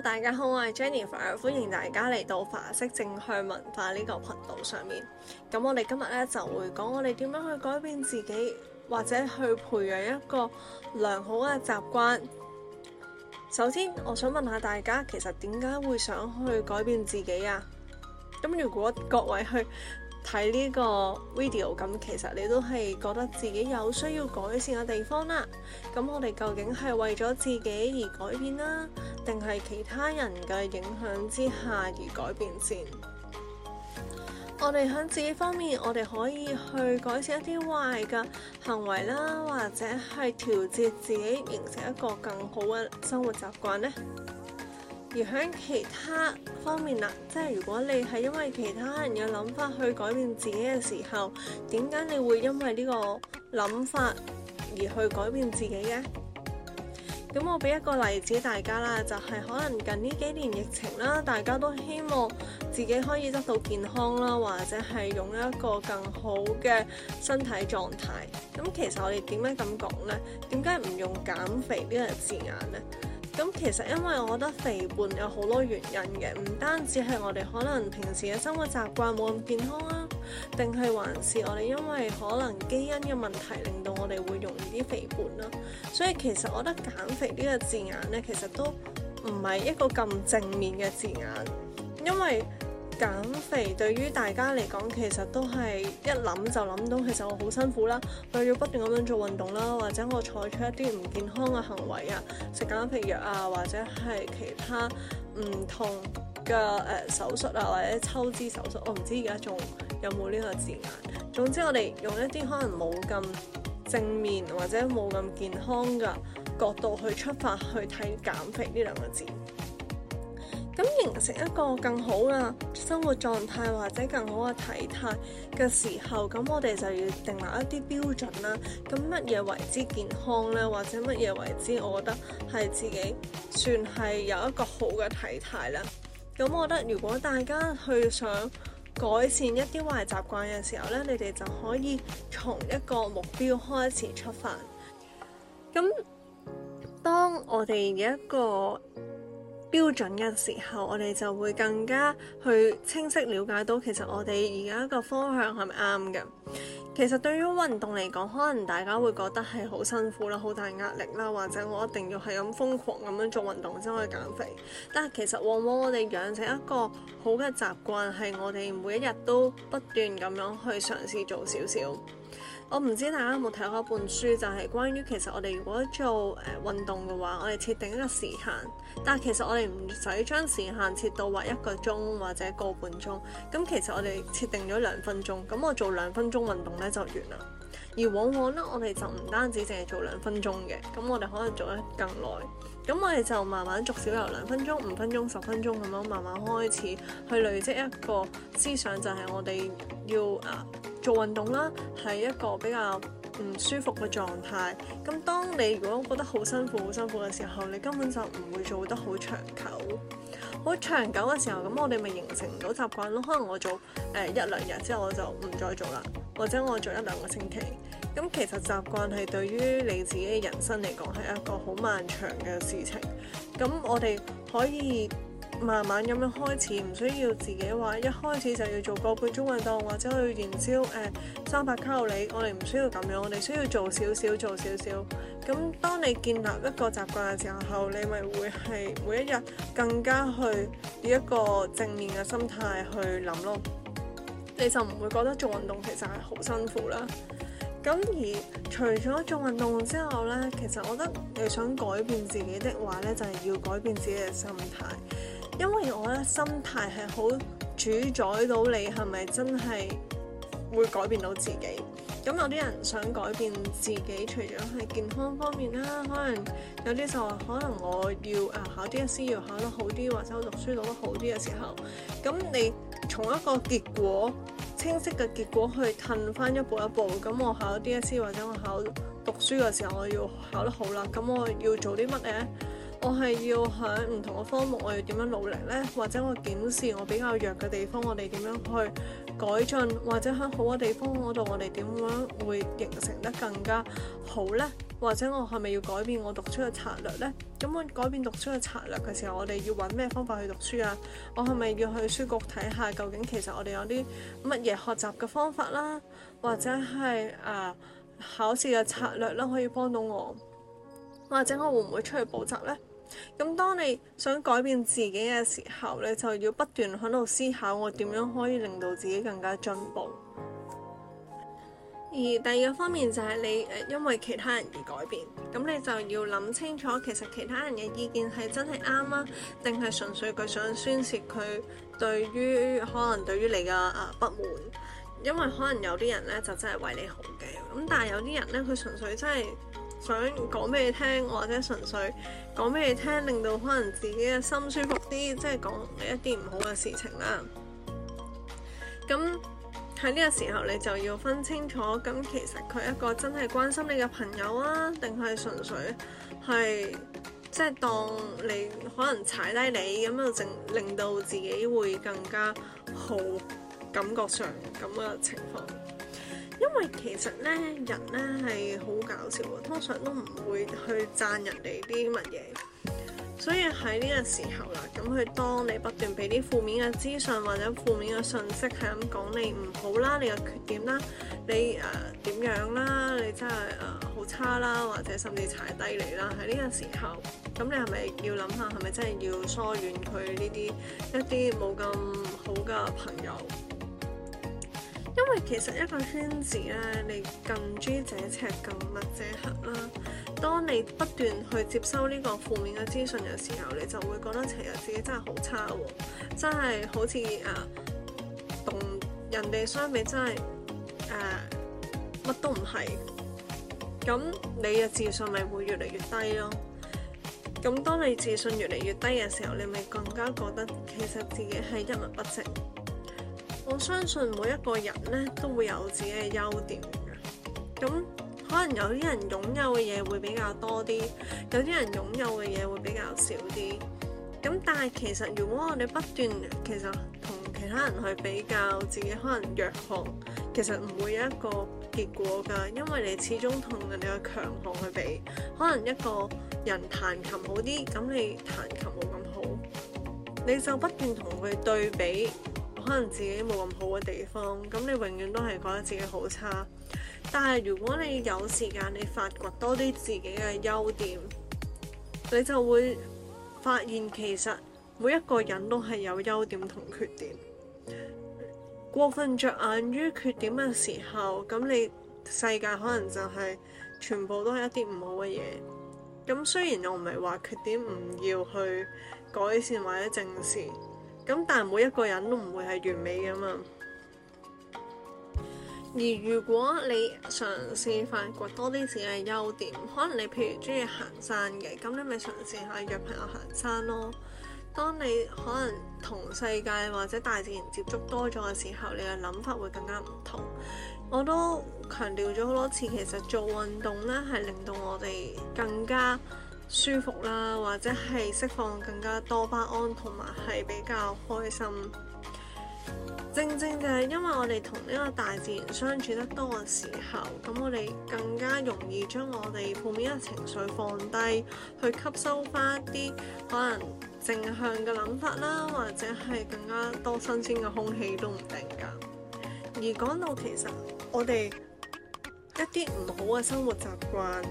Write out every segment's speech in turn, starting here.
大家好，我係 Jennifer，歡迎大家嚟到法式正向文化呢個頻道上面。咁我哋今日咧就會講我哋點樣去改變自己，或者去培養一個良好嘅習慣。首先，我想問下大家，其實點解會想去改變自己啊？咁如果各位去睇呢個 video，咁其實你都係覺得自己有需要改善嘅地方啦。咁我哋究竟係為咗自己而改變啦？定係其他人嘅影響之下而改變先。我哋喺自己方面，我哋可以去改善一啲壞嘅行為啦，或者係調節自己，形成一個更好嘅生活習慣呢。而喺其他方面嗱，即係如果你係因為其他人嘅諗法去改變自己嘅時候，點解你會因為呢個諗法而去改變自己嘅？咁我俾一個例子大家啦，就係、是、可能近呢幾年疫情啦，大家都希望自己可以得到健康啦，或者係用一個更好嘅身體狀態。咁其實我哋點解咁講呢？點解唔用減肥呢個字眼呢？咁其實因為我覺得肥胖有好多原因嘅，唔單止係我哋可能平時嘅生活習慣冇咁健康啦、啊。定係還是我哋因為可能基因嘅問題，令到我哋會容易啲肥胖啦。所以其實我覺得減肥呢個字眼呢，其實都唔係一個咁正面嘅字眼，因為減肥對於大家嚟講，其實都係一諗就諗到，其實我好辛苦啦，我又要不斷咁樣做運動啦，或者我採取一啲唔健康嘅行為啊，食減肥藥啊，或者係其他唔同。嘅誒、呃、手術啊，或者抽脂手術，我、哦、唔知而家仲有冇呢個字眼。總之，我哋用一啲可能冇咁正面或者冇咁健康嘅角度去出發去睇減肥呢兩個字。咁形成一個更好嘅生活狀態或者更好嘅體態嘅時候，咁我哋就要定立一啲標準啦。咁乜嘢為之健康咧？或者乜嘢為之，我覺得係自己算係有一個好嘅體態咧？咁我覺得，如果大家去想改善一啲壞習慣嘅時候咧，你哋就可以從一個目標開始出發。咁，當我哋嘅一個標準嘅時候，我哋就會更加去清晰了解到，其實我哋而家個方向係咪啱嘅。其實對於運動嚟講，可能大家會覺得係好辛苦啦、好大壓力啦，或者我一定要係咁瘋狂咁樣做運動先可以減肥。但係其實往往我哋養成一個好嘅習慣，係我哋每一日都不斷咁樣去嘗試做少少。我唔知大家有冇睇過一本書，就係、是、關於其實我哋如果做誒、呃、運動嘅話，我哋設定一個時限。但其實我哋唔使將時限設到話一個鐘或者個半鐘。咁其實我哋設定咗兩分鐘，咁我做兩分鐘運動呢就完啦。而往往呢，我哋就唔單止淨係做兩分鐘嘅，咁我哋可能做得更耐。咁我哋就慢慢逐少由兩分鐘、五分鐘、十分鐘咁樣慢慢開始去累積一個思想，就係、是、我哋要啊。呃做運動啦，係一個比較唔舒服嘅狀態。咁當你如果覺得好辛苦、好辛苦嘅時候，你根本就唔會做得好長久。好長久嘅時候，咁我哋咪形成唔到習慣咯。可能我做誒、呃、一兩日之後，我就唔再做啦，或者我做一兩個星期。咁其實習慣係對於你自己嘅人生嚟講係一個好漫長嘅事情。咁我哋可以。慢慢咁樣開始，唔需要自己話一開始就要做個半鐘運動，或者去燃燒誒三百卡路里。我哋唔需要咁樣，我哋需要做少少，做少少。咁當你建立一個習慣嘅時候，你咪會係每一日更加去以一個正面嘅心態去諗咯。你就唔會覺得做運動其實係好辛苦啦。咁而除咗做運動之後呢，其實我覺得你想改變自己的話呢，就係、是、要改變自己嘅心態。因為我咧心態係好主宰到你係咪真係會改變到自己。咁有啲人想改變自己，除咗係健康方面啦，可能有啲就話可能我要誒考 DSE 要考得好啲，或者我讀書讀得好啲嘅時候，咁你從一個結果，清晰嘅結果去褪翻一步一步。咁我考 DSE 或者我考讀書嘅時候，我要考得好啦。咁我要做啲乜嘢？我係要喺唔同嘅科目，我要點樣努力呢？或者我檢視我比較弱嘅地方，我哋點樣去改進？或者喺好嘅地方嗰度，我哋點樣會形成得更加好呢？或者我係咪要改變我讀書嘅策略呢？咁我改變讀書嘅策略嘅時候，我哋要揾咩方法去讀書啊？我係咪要去書局睇下究竟其實我哋有啲乜嘢學習嘅方法啦，啊？或者係啊考試嘅策略啦，可以幫到我？或者我會唔會出去補習呢？咁當你想改變自己嘅時候，你就要不斷喺度思考我點樣可以令到自己更加進步。而第二個方面就係你因為其他人而改變，咁你就要諗清楚其實其他人嘅意見係真係啱啊，定係純粹佢想宣泄佢對於可能對於你嘅不滿？因為可能有啲人呢，就真係為你好嘅，咁但係有啲人呢，佢純粹真係想講俾你聽，或者純粹講俾你聽，令到可能自己嘅心舒服啲，即係講一啲唔好嘅事情啦。咁喺呢個時候，你就要分清楚，咁其實佢一個真係關心你嘅朋友啊，定係純粹係即係當你可能踩低你，咁就令到自己會更加好感覺上咁嘅情況。因為其實咧，人咧係好搞笑，通常都唔會去贊人哋啲乜嘢。所以喺呢個時候啦，咁佢當你不斷俾啲負面嘅資訊或者負面嘅信息，係咁講你唔好啦，你嘅缺點啦，你誒點、呃、樣啦，你真係誒好差啦，或者甚至踩低你啦，喺呢個時候，咁你係咪要諗下，係咪真係要疏遠佢呢啲一啲冇咁好嘅朋友？因為其實一個圈子咧，你近朱者赤，近墨者黑啦。當你不斷去接收呢個負面嘅資訊嘅時候，你就會覺得其實自己真係好差，哦，真係好似誒同人哋相比真係乜，啊，都唔係。咁你嘅自信咪會越嚟越低咯，哦。咁當你自信越嚟越低嘅時候，你咪更加覺得其實自己係一文不值。我相信每一個人咧都會有自己嘅優點嘅，咁可能有啲人擁有嘅嘢會比較多啲，有啲人擁有嘅嘢會比較少啲。咁但係其實如果我哋不斷其實同其他人去比較自己可能弱項，其實唔會有一個結果㗎，因為你始終同人哋嘅強項去比，可能一個人彈琴好啲，咁你彈琴冇咁好，你就不斷同佢對比。可能自己冇咁好嘅地方，咁你永遠都係覺得自己好差。但係如果你有時間，你發掘多啲自己嘅優點，你就會發現其實每一個人都係有優點同缺點。過分着眼於缺點嘅時候，咁你世界可能就係全部都係一啲唔好嘅嘢。咁雖然又唔係話缺點唔要去改善或者正視。咁但係每一個人都唔會係完美噶嘛，而如果你嘗試發掘多啲自己嘅優點，可能你譬如中意行山嘅，咁你咪嘗試下約朋友行山咯。當你可能同世界或者大自然接觸多咗嘅時候，你嘅諗法會更加唔同。我都強調咗好多次，其實做運動呢係令到我哋更加。舒服啦，或者係釋放更加多多巴胺，同埋係比較開心。正正就係因為我哋同呢個大自然相處得多嘅時候，咁我哋更加容易將我哋負面嘅情緒放低，去吸收翻啲可能正向嘅諗法啦，或者係更加多新鮮嘅空氣都唔定㗎。而講到其實我哋，一啲唔好嘅生活習慣，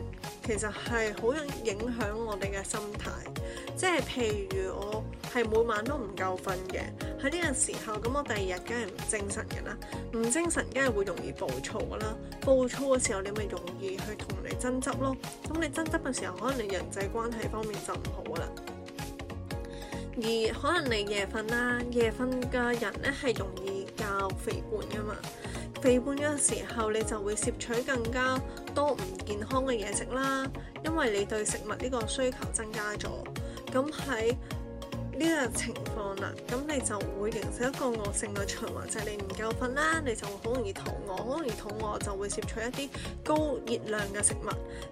其實係好影響我哋嘅心態。即係譬如我係每晚都唔夠瞓嘅，喺呢個時候咁，我第二日梗係唔精神嘅啦。唔精神，梗係會容易暴躁嘅啦。暴躁嘅時候，你咪容易去同人哋爭執咯。咁你爭執嘅時候，可能你人際關係方面就唔好啦。而可能你夜瞓啦，夜瞓嘅人咧係容易較肥胖噶嘛。基本嗰個時候，你就會攝取更加多唔健康嘅嘢食啦，因為你對食物呢個需求增加咗，咁喺。呢個情況啦，咁你就會形成一個惡性嘅循環，就係你唔夠瞓啦，你就會好容易肚餓，好容易肚餓就會攝取一啲高熱量嘅食物，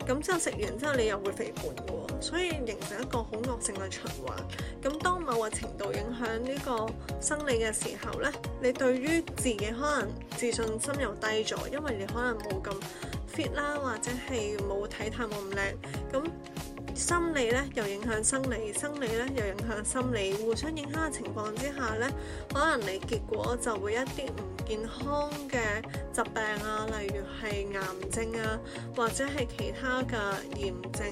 咁之後食完之後你又會肥胖喎，所以形成一個好惡性嘅循環。咁當某個程度影響呢個生理嘅時候呢，你對於自己可能自信心又低咗，因為你可能冇咁 fit 啦，或者係冇體態冇咁靚咁。心理咧又影響生理，生理咧又影響心理，互相影響嘅情況之下咧，可能你結果就會一啲唔健康嘅疾病啊，例如係癌症啊，或者係其他嘅炎症。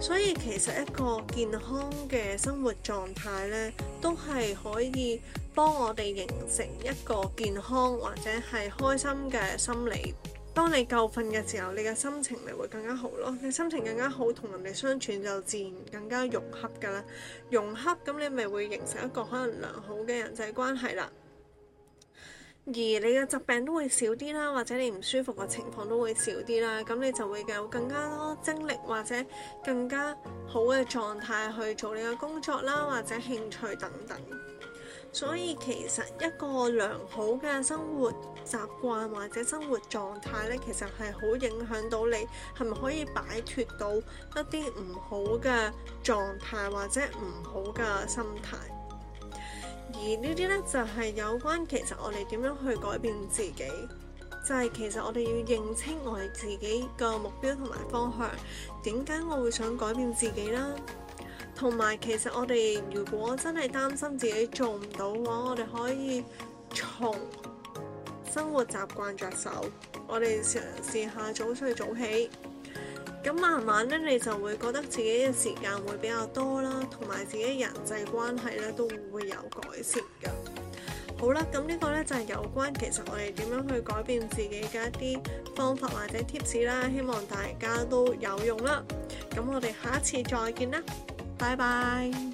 所以其實一個健康嘅生活狀態咧，都係可以幫我哋形成一個健康或者係開心嘅心理。當你夠瞓嘅時候，你嘅心情咪會更加好咯。你心情更加好，同人哋相處就自然更加融洽㗎啦。融洽咁，你咪會形成一個可能良好嘅人際關係啦。而你嘅疾病都會少啲啦，或者你唔舒服嘅情況都會少啲啦。咁你就會有更加多精力或者更加好嘅狀態去做你嘅工作啦，或者興趣等等。所以其實一個良好嘅生活習慣或者生活狀態咧，其實係好影響到你係咪可以擺脫到一啲唔好嘅狀態或者唔好嘅心態。而呢啲呢，就係有關其實我哋點樣去改變自己，就係其實我哋要認清我哋自己嘅目標同埋方向，點解我會想改變自己啦？同埋，其實我哋如果真係擔心自己做唔到嘅話，我哋可以從生活習慣着手。我哋嘗試下早睡早起，咁慢慢咧，你就會覺得自己嘅時間會比較多啦，同埋自己人際關係咧都會有改善㗎。好啦，咁呢個呢，就係有關其實我哋點樣去改變自己嘅一啲方法或者貼士啦。希望大家都有用啦。咁我哋下一次再見啦！拜拜。